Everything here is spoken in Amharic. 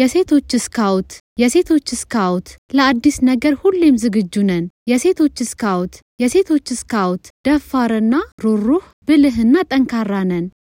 የሴቶች ስካውት የሴቶች ስካውት ለአዲስ ነገር ሁሌም ዝግጁ ነን። የሴቶች ስካውት የሴቶች ስካውት ደፋርና ሩሩህ ብልህና ጠንካራ ነን።